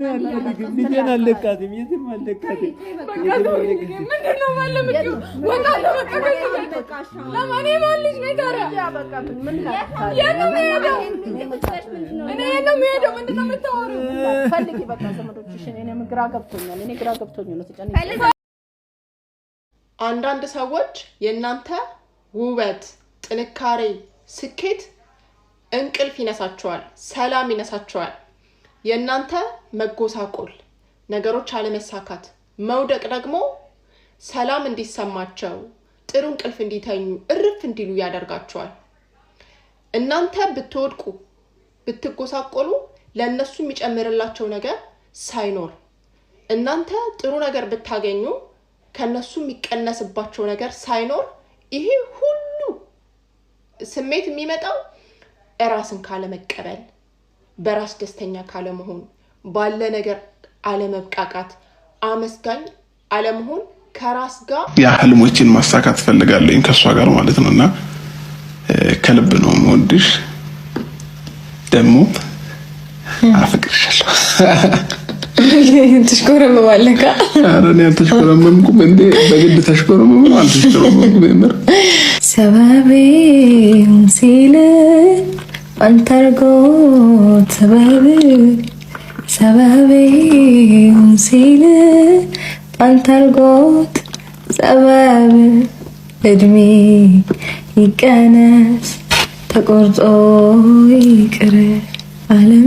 ልጄን አለቃትም፣ የትም አለቃትም። አንዳንድ ሰዎች የእናንተ ውበት፣ ጥንካሬ፣ ስኬት እንቅልፍ ይነሳቸዋል፣ ሰላም ይነሳቸዋል። የእናንተ መጎሳቆል፣ ነገሮች አለመሳካት፣ መውደቅ ደግሞ ሰላም እንዲሰማቸው ጥሩ እንቅልፍ እንዲተኙ እርፍ እንዲሉ ያደርጋቸዋል። እናንተ ብትወድቁ ብትጎሳቆሉ ለእነሱ የሚጨምርላቸው ነገር ሳይኖር እናንተ ጥሩ ነገር ብታገኙ ከእነሱ የሚቀነስባቸው ነገር ሳይኖር ይሄ ሁሉ ስሜት የሚመጣው እራስን ካለመቀበል በራስ ደስተኛ ካለመሆን፣ ባለ ነገር አለመብቃቃት፣ አመስጋኝ አለመሆን ከራስ ጋር የህልሞችን ማሳካት ፈልጋለኝ ከእሷ ጋር ማለት ነው እና ከልብ ነው የምወድሽ ደግሞ አፈቅርሻለሁ። ትሽኮረመማለህ? ኧረ እንደ በግድ ተሽኮረመም አልተሽኮረመምኩም። የምር አንተርጎት ሰበብ ሰበብ ሲል አንተርጎት ሰበብ እድሜ ይቀነስ ተቆርጦ ይቅር አለ።